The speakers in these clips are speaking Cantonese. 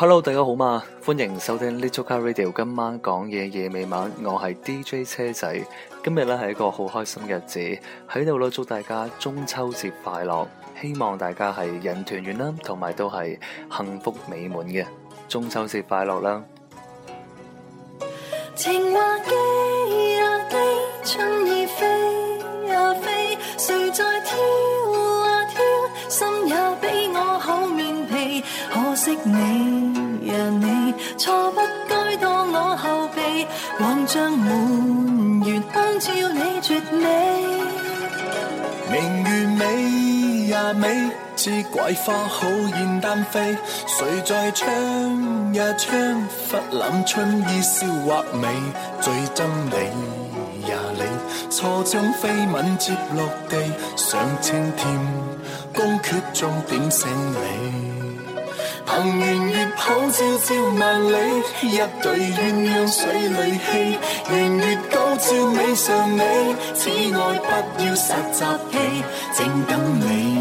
Hello，大家好嘛，歡迎收聽 Little Car Radio，今晚講嘢夜未晚，我係 DJ 車仔，今日咧係一個好開心嘅日子，喺度咧祝大家中秋節快樂，希望大家係人團圓啦，同埋都係幸福美滿嘅，中秋節快樂啦！情呀、啊、呀、啊、春飛、呀、飛誰在跳、啊、跳？心也比我好面。可惜你呀你，錯不該當我後備，枉將滿月烘照你絕美。明月美呀美，似桂花好燕單飛。誰在窗呀窗，忽攬春意笑畫眉。最憎你呀你，錯將飛吻接落地。想稱甜，功缺終點勝利。行年月抱朝朝萬里，一對鴛鴦水裏嬉。圓月高照美上美，此愛不要實習期。正等你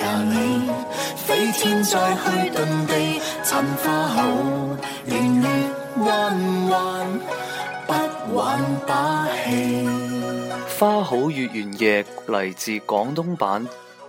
呀你，飛天再去遁地，殘花好，圓月彎彎，不玩把戲。花好月圓夜，嚟自廣東版。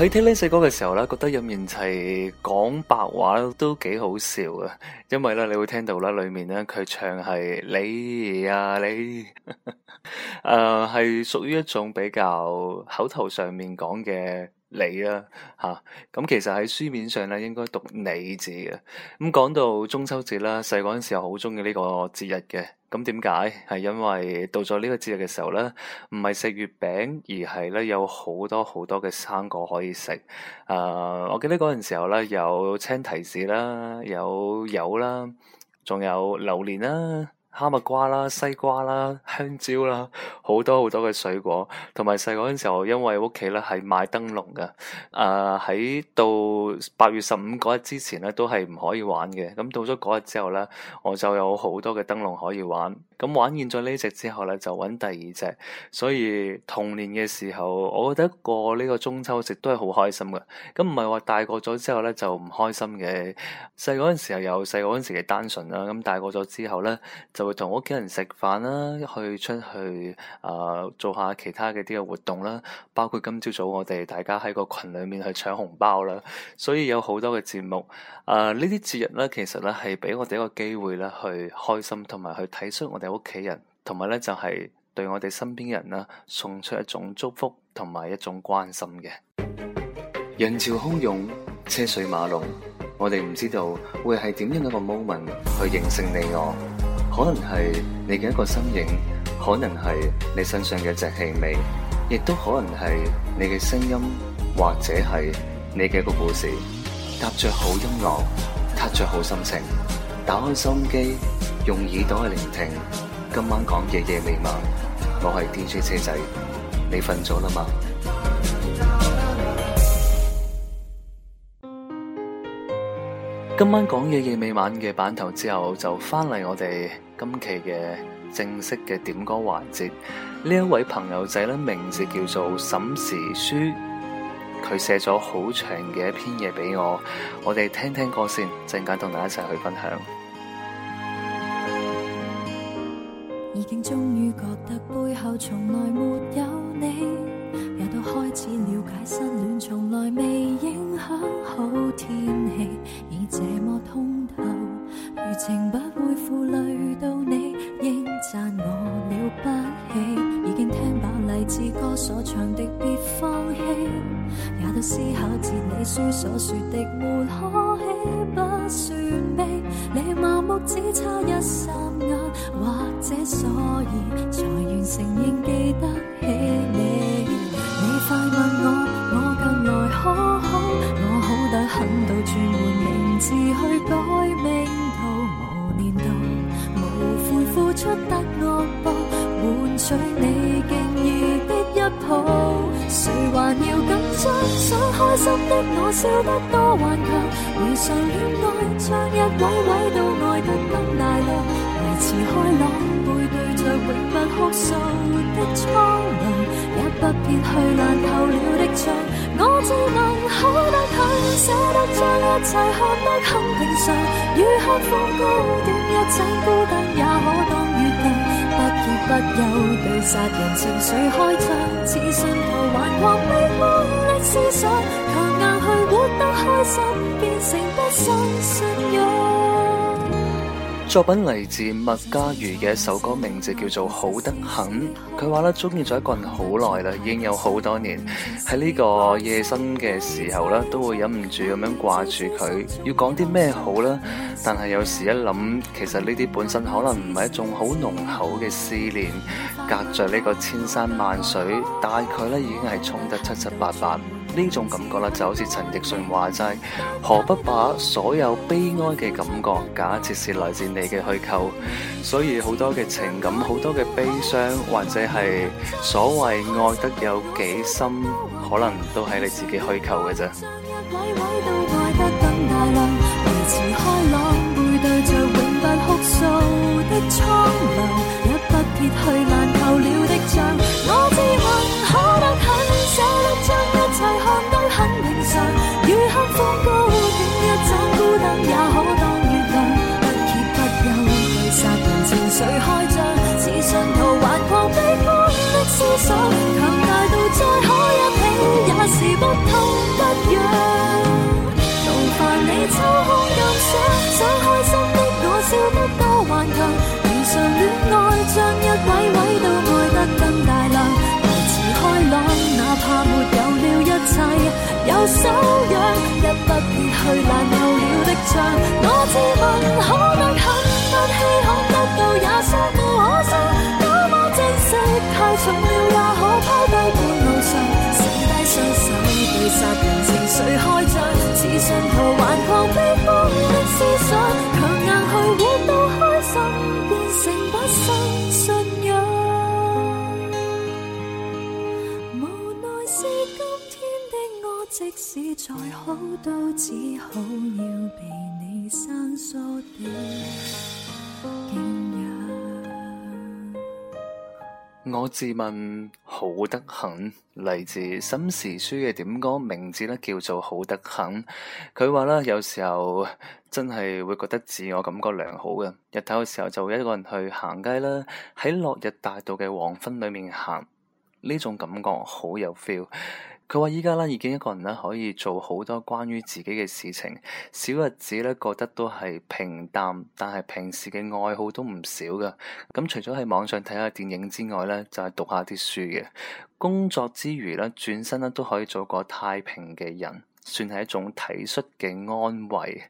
喺聽呢首歌嘅時候咧，覺得入面齊講白話都幾好笑嘅，因為咧你會聽到咧裏面咧佢唱係你啊你，誒係屬於一種比較口頭上面講嘅。你啊，吓，咁其實喺書面上咧應該讀你字嘅。咁講到中秋節啦，細個嗰陣時又好鍾意呢個節日嘅。咁點解？係因為到咗呢個節日嘅時候咧，唔係食月餅，而係咧有好多好多嘅生果可以食。誒、呃，我記得嗰陣時候咧有青提子啦，有柚啦，仲有榴蓮啦。哈密瓜啦、西瓜啦、香蕉啦，好多好多嘅水果。同埋細個嗰陣時候，因為屋企咧係賣燈籠嘅，誒、呃、喺到八月十五嗰日之前咧都係唔可以玩嘅。咁到咗嗰日之後咧，我就有好多嘅燈籠可以玩。咁玩完咗呢隻之後咧，就揾第二隻。所以童年嘅時候，我覺得過呢個中秋節都係好開心嘅。咁唔係話大過咗之後咧就唔開心嘅。細個嗰陣時候有細個嗰陣時嘅單純啦。咁大過咗之後咧，就會同屋企人食飯啦，去出去啊、呃、做下其他嘅啲嘅活動啦。包括今朝早我哋大家喺個群裡面去搶紅包啦。所以有好多嘅節目啊，呢、呃、啲節日咧其實咧係俾我哋一個機會咧去開心同埋去體恤我哋。屋企人，同埋咧就係對我哋身邊人啦，送出一種祝福同埋一種關心嘅。人潮洶湧，車水馬龍，我哋唔知道會係點樣一個 moment 去形成你我，可能係你嘅一個身影，可能係你身上嘅一隻氣味，亦都可能係你嘅聲音，或者係你嘅一個故事，踏着好音樂，踏着好心情，打開收音機，用耳朵去聆聽，今晚講夜夜未晚。我係 DJ 車仔，你瞓咗啦嘛？今晚講夜夜未晚嘅版頭之後，就翻嚟我哋今期嘅正式嘅點歌環節。呢一位朋友仔咧，名字叫做沈時書，佢寫咗好長嘅一篇嘢俾我，我哋聽聽歌先，陣間同大家一齊去分享。已經終於覺得背後從來沒有你，也都開始了解失戀從來未影響好天氣，已這麼通透，餘情不會負累到你，應讚我了不起。已經聽飽勵志歌所唱的別放棄，也都思考哲理書所說的沒可喜不算悲。只差一霎眼，或者所以才願承認記得起你。你快問我，我近來可好？我好得很到轉換名字去講。開心的我笑得多頑強，遇上戀愛將一位位都愛得更大量，維持開朗，背對着永不哭訴的蒼涼，也不必去難透了的窗。我自問好得很，捨得將一切看得很平常，如黑風高點，點一盞孤燈也可當月亮，不欠不有地殺人情，情緒開張，似信徒頑狂未忘。思想強硬去活得開心，變成不三不四。 作品嚟自麥家瑜嘅一首歌，名字叫做《好得很》。佢話咧，中意咗一個人好耐啦，已經有好多年。喺呢個夜深嘅時候咧，都會忍唔住咁樣掛住佢，要講啲咩好呢？但係有時一諗，其實呢啲本身可能唔係一種好濃厚嘅思念，隔着呢個千山萬水，大概咧已經係沖得七七八八。呢種感覺啦，就好似陳奕迅話齋，何不把所有悲哀嘅感覺，假設是來自你嘅虛構？所以好多嘅情感，好多嘅悲傷，或者係所謂愛得有幾深，可能都係你自己虛構嘅啫。一位位都愛得更大量，維持開朗，哪怕沒有了一切，有修養，也不必去難透了的賬。我自問。我自問好得很，嚟自《心事書》嘅點歌，名字呢叫做《好得很》。佢話啦，有時候真係會覺得自我感覺良好嘅。日頭嘅時候就會一個人去行街啦，喺落日大道嘅黃昏裏面行，呢種感覺好有 feel。佢話：而家咧，已經一個人咧，可以做好多關於自己嘅事情。小日子咧，覺得都係平淡，但係平時嘅愛好都唔少噶。咁除咗喺網上睇下電影之外咧，就係讀下啲書嘅工作之餘咧，轉身咧都可以做個太平嘅人，算係一種體恤嘅安慰。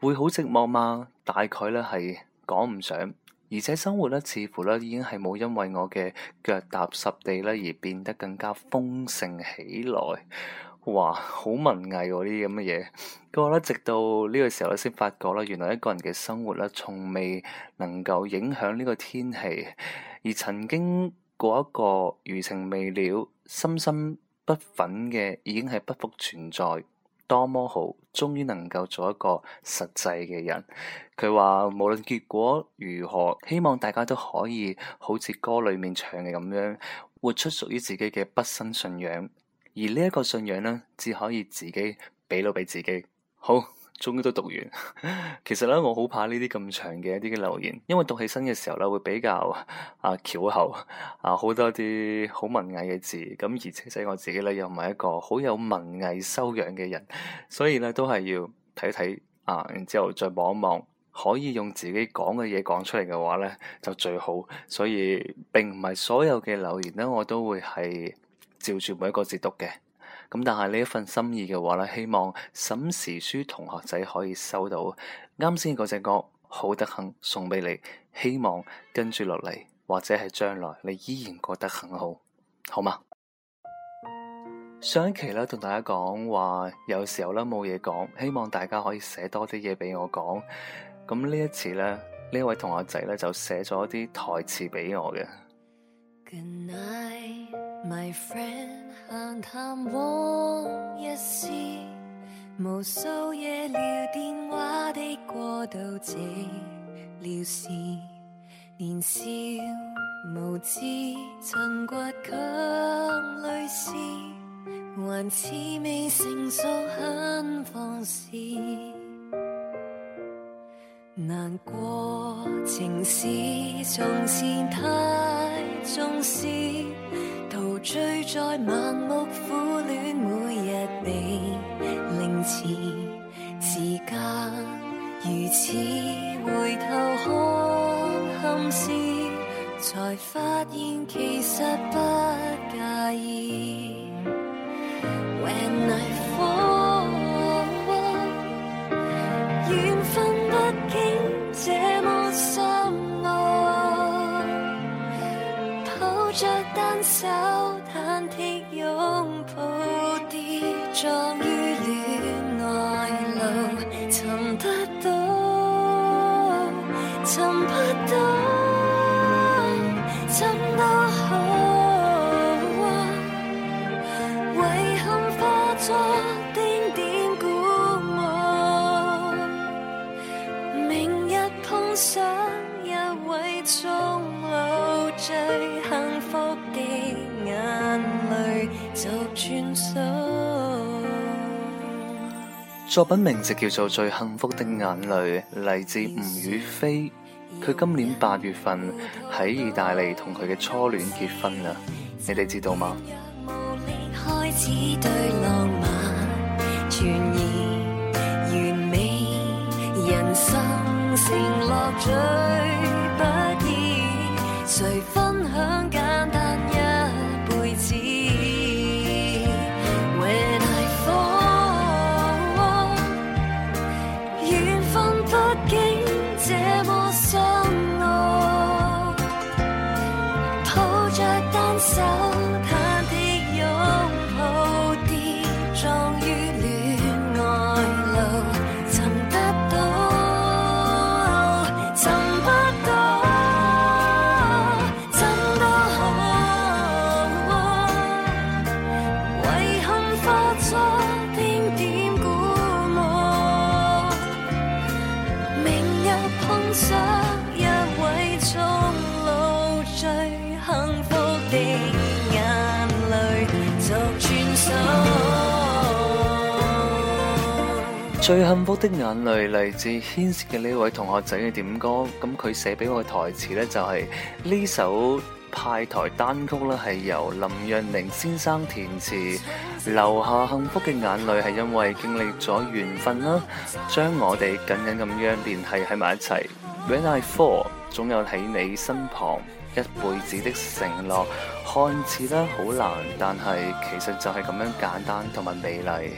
會好寂寞嗎？大概咧係講唔上。而且生活呢，似乎呢，已經係冇因為我嘅腳踏實地呢，而變得更加豐盛起來哇，好文藝嗰啲咁嘅嘢。不過呢，直到呢個時候咧先發覺呢，原來一個人嘅生活呢，從未能夠影響呢個天氣，而曾經過一個餘情未了、深深不憤嘅已經係不復存在。多麼好，終於能夠做一個實際嘅人。佢話無論結果如何，希望大家都可以好似歌裏面唱嘅咁樣，活出屬於自己嘅畢生信仰。而呢一個信仰呢，只可以自己俾到俾自己好。終於都讀完。其實咧，我好怕呢啲咁長嘅一啲嘅留言，因為讀起身嘅時候咧，會比較啊巧口，啊好多啲好文藝嘅字。咁而且使我自己咧，又唔係一個好有文藝修養嘅人，所以咧都係要睇睇啊，然之後再望一望，可以用自己講嘅嘢講出嚟嘅話咧，就最好。所以並唔係所有嘅留言咧，我都會係照住每一個字讀嘅。咁但係，呢一份心意嘅話咧，希望沈時書同學仔可以收到啱先嗰隻歌，好得很，送俾你。希望跟住落嚟或者係將來，你依然過得很好，好嘛？ 上一期咧同大家講話，有時候咧冇嘢講，希望大家可以寫多啲嘢俾我講。咁呢一次咧，呢一位同學仔咧就寫咗啲台詞俾我嘅。My friend 閒談往日事，無數夜聊電話的過渡寂寥事。年少無知，曾倔強淚私，還似未成熟，很放肆。難過情史，從前太重視。醉在盲目苦戀，每日你凌遲，時間如此，回頭看憾事，才發現其實不介意。尋不到。作品名就叫做《最幸福的眼淚》，嚟自吳雨霏。佢今年八月份喺意大利同佢嘅初戀結婚啦，你哋知道嗎？ 最幸福的眼淚，嚟自牽涉嘅呢位同學仔嘅點歌。咁佢寫俾我嘅台詞呢，就係、是、呢首派台單曲呢，係由林若寧先生填詞。留下幸福嘅眼淚，係因為經歷咗緣分啦，將我哋緊緊咁樣聯繫喺埋一齊。When I fall，總有喺你身旁。一輩子的承諾，看似咧好難，但係其實就係咁樣簡單同埋美麗。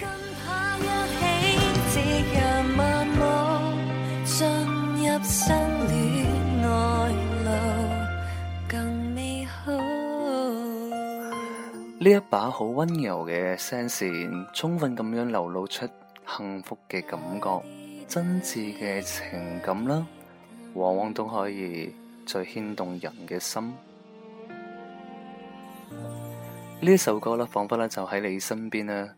呢 一把好溫柔嘅聲線，充分咁樣流露出幸福嘅感覺、真摯嘅情感啦，往往都可以。最牽動人嘅心，呢首歌咧，仿佛咧就喺你身邊呢，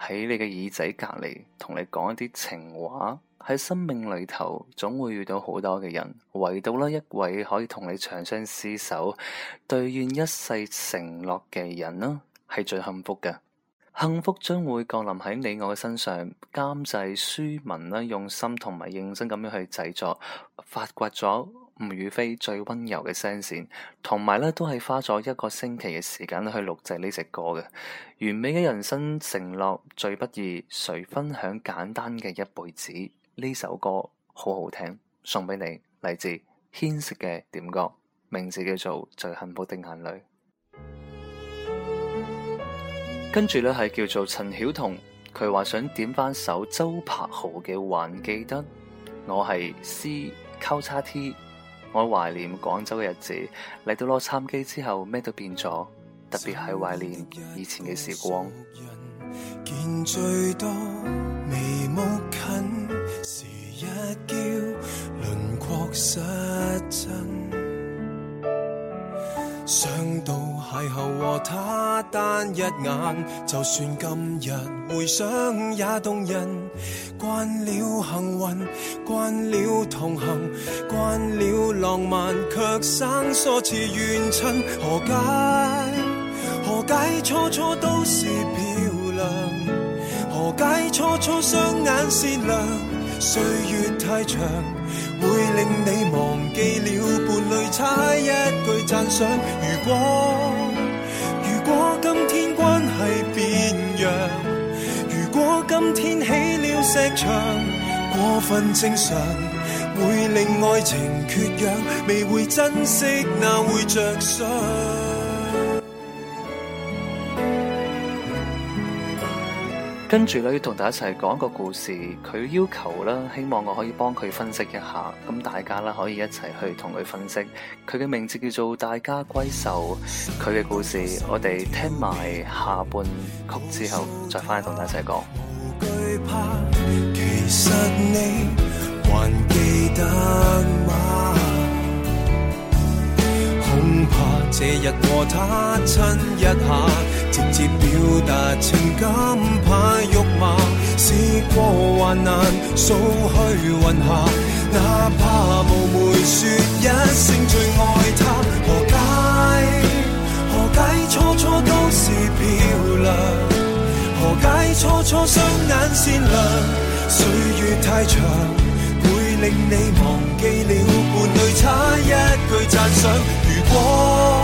喺你嘅耳仔隔籬，同你講一啲情話。喺生命裏頭，總會遇到好多嘅人，唯獨呢一位可以同你長相厮守，兌現一世承諾嘅人呢，係最幸福嘅。幸福將會降臨喺你我嘅身上。監製書文呢，用心同埋認真咁樣去製作，發掘咗。吳雨霏最温柔嘅聲線，同埋咧都係花咗一個星期嘅時間去錄製呢隻歌嘅完美嘅人生承諾最不易，誰分享簡單嘅一輩子？呢首歌好好聽，送俾你。嚟自牽涉嘅點歌，名字叫做最幸福的眼淚。跟住咧係叫做陳曉彤，佢話想點翻首周柏豪嘅《還記得》，我係 c 叉 t 我懷念廣州嘅日子，嚟到洛杉磯之後咩都變咗，特別係懷念以前嘅時光。想到邂逅和她單一眼，就算今日回想也動人。慣了幸運，慣了同行，慣了浪漫，卻生疏似遠親。何解？何解？初初都是漂亮，何解？初初雙眼善良，歲月太長。會令你忘記了伴侶，差一句讚賞。如果如果今天關係變樣，如果今天起了石牆，過分正常，會令愛情缺氧，未會珍惜那會着想。跟住咧，要同大家一齊講一個故事。佢要求啦，希望我可以幫佢分析一下，咁大家啦，可以一齊去同佢分析。佢嘅名字叫做《大家閨秀》，佢嘅故事我哋聽埋下半曲之後再翻嚟同大家一齊講。無懼怕，怕其實你還記得嗎？恐怕這日和他親一下。直接表達情感怕肉麻，試過患難掃去雲霞。哪怕無媒説一聲最愛他，何解？何解？初初都是漂亮，何解？初初雙眼善良，歲月太長，會令你忘記了伴侶差一句讚賞。如果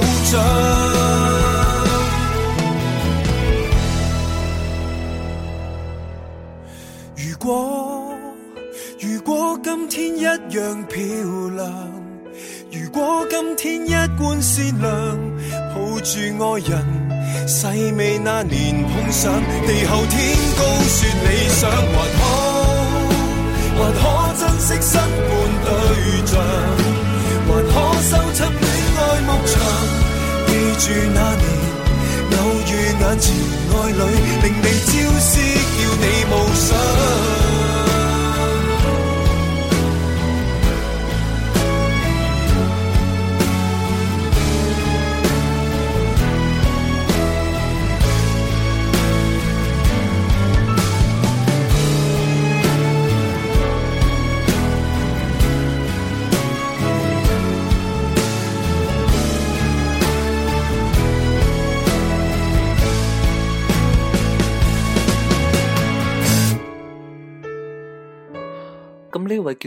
如果如果今天一樣漂亮，如果今天一貫善良，抱住愛人細味那年碰上，地厚天高説理想，還好，還可珍惜身伴對象，還可修葺戀愛牧場。住那年偶遇眼前愛侶，令你朝思，要你暮想。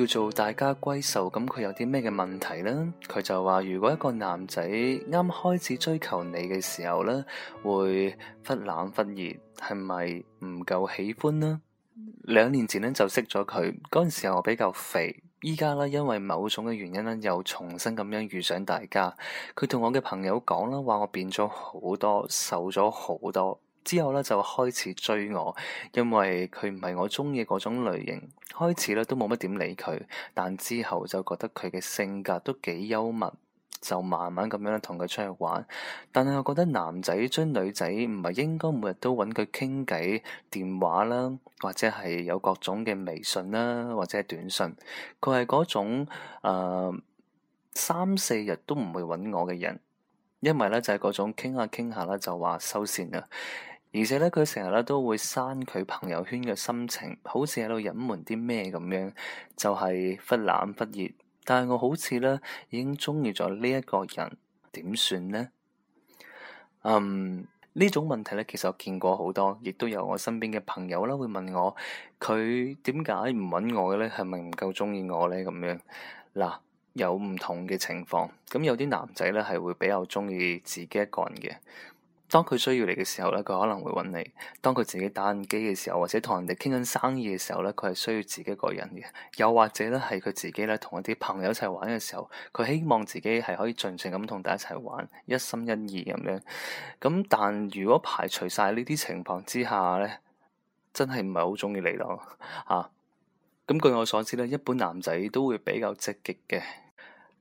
要做大家閨秀咁，佢有啲咩嘅問題呢？佢就話，如果一個男仔啱開始追求你嘅時候呢，會忽冷忽熱，係咪唔夠喜歡呢？兩、嗯、年前呢，就識咗佢嗰陣時候，我比較肥，依家呢，因為某種嘅原因咧，又重新咁樣遇上大家。佢同我嘅朋友講啦，話我變咗好多，瘦咗好多。之後咧就開始追我，因為佢唔係我中意嗰種類型。開始咧都冇乜點理佢，但之後就覺得佢嘅性格都幾幽默，就慢慢咁樣同佢出去玩。但係我覺得男仔追女仔唔係應該每日都揾佢傾偈、電話啦，或者係有各種嘅微信啦，或者係短信。佢係嗰種、呃、三四日都唔會揾我嘅人，因為咧就係、是、嗰種傾下傾下咧就話收線喇。而且咧，佢成日咧都會刪佢朋友圈嘅心情，好似喺度隱瞞啲咩咁樣，就係忽冷忽熱。但係我好似咧已經中意咗呢一個人，點算呢？嗯，呢種問題咧，其實我見過好多，亦都有我身邊嘅朋友啦會問我，佢點解唔揾我嘅咧？係咪唔夠中意我咧？咁樣嗱，有唔同嘅情況。咁有啲男仔咧，係會比較中意自己一個人嘅。當佢需要你嘅時候咧，佢可能會揾你；當佢自己打緊機嘅時候，或者同人哋傾緊生意嘅時候咧，佢係需要自己一個人嘅；又或者咧，係佢自己咧同一啲朋友一齊玩嘅時候，佢希望自己係可以盡情咁同大家一齊玩，一心一意咁樣。咁但如果排除晒呢啲情況之下咧，真係唔係好中意你咯，吓、啊。咁據我所知咧，一般男仔都會比較積極嘅。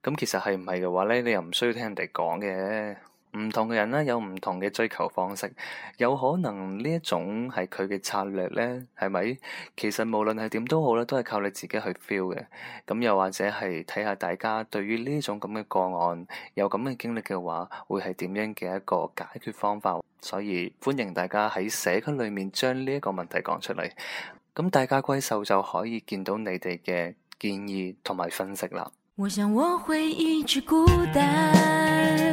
咁其實係唔係嘅話咧，你又唔需要聽人哋講嘅。唔同嘅人呢，有唔同嘅追求方式，有可能呢一種係佢嘅策略呢，係咪？其實無論係點都好咧，都係靠你自己去 feel 嘅。咁又或者係睇下大家對於呢種咁嘅個案有咁嘅經歷嘅話，會係點樣嘅一個解決方法？所以歡迎大家喺社區裏面將呢一個問題講出嚟。咁大家貴獸就可以見到你哋嘅建議同埋分析啦。我我想我會一直孤單。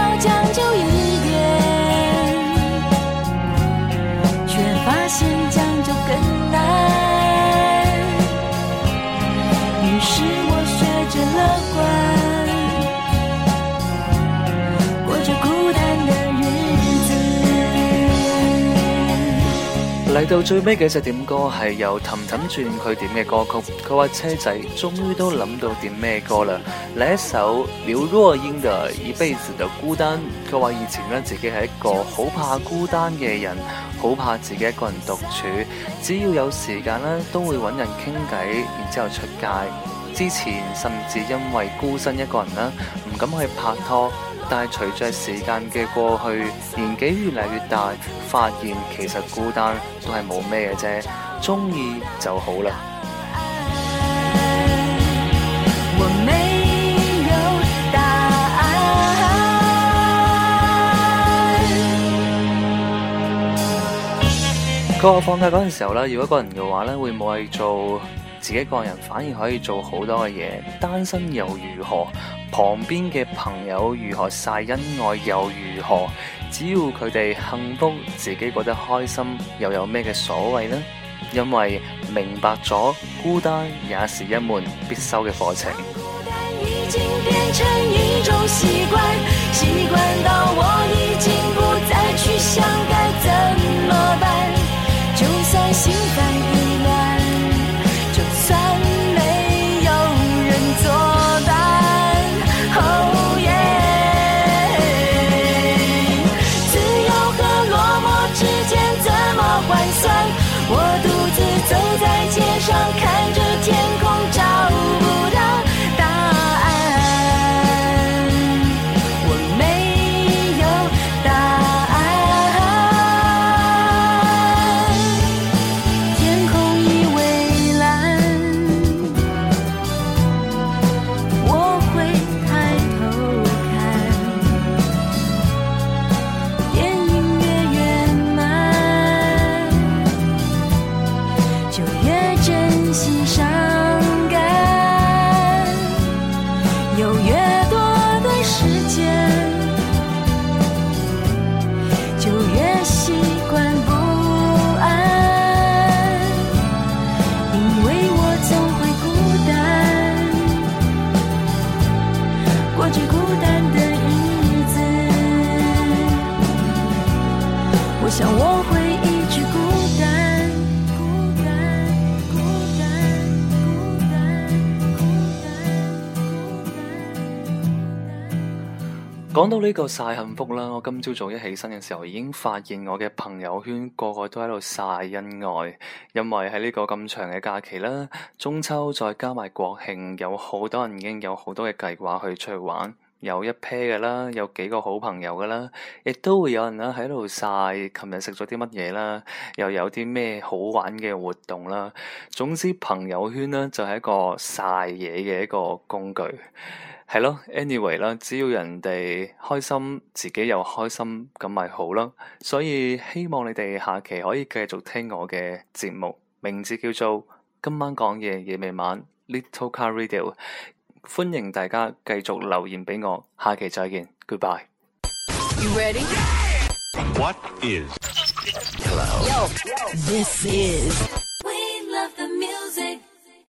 嚟到最尾幾隻點歌係由氹氹轉佢點嘅歌曲，佢話車仔終於都諗到點咩歌啦！嚟一首劉若英嘅《一輩子的孤單》，佢話以前咧自己係一個好怕孤單嘅人，好怕自己一個人獨處，只要有時間咧都會揾人傾偈，然之後出街。之前甚至因為孤身一個人啦，唔敢去拍拖。但係隨著時間嘅過去，年紀越嚟越大，發現其實孤單都係冇咩嘅啫，中意就好啦。我冇答案。佢話放假嗰陣時候咧，如果一個人嘅話咧，會唔會去做自己個人，反而可以做好多嘅嘢。單身又如何？旁邊嘅朋友如何晒恩愛又如何？只要佢哋幸福，自己覺得開心，又有咩嘅所謂呢？因為明白咗，孤單也是一門必修嘅課程。到呢個曬幸福啦！我今朝早一起身嘅時候，已經發現我嘅朋友圈個，個個都喺度晒恩愛，因為喺呢個咁長嘅假期啦，中秋再加埋國慶，有好多人已經有好多嘅計劃去出去玩，有一 pair 嘅啦，有幾個好朋友嘅啦，亦都會有人咧喺度晒，琴日食咗啲乜嘢啦，又有啲咩好玩嘅活動啦。總之，朋友圈呢，就係一個晒嘢嘅一個工具。係咯 ，anyway 啦，只要人哋開心，自己又開心，咁咪好咯。所以希望你哋下期可以繼續聽我嘅節目，名字叫做今晚講嘢夜，夜未晚 Little Car Radio。歡迎大家繼續留言俾我，下期再見，Goodbye。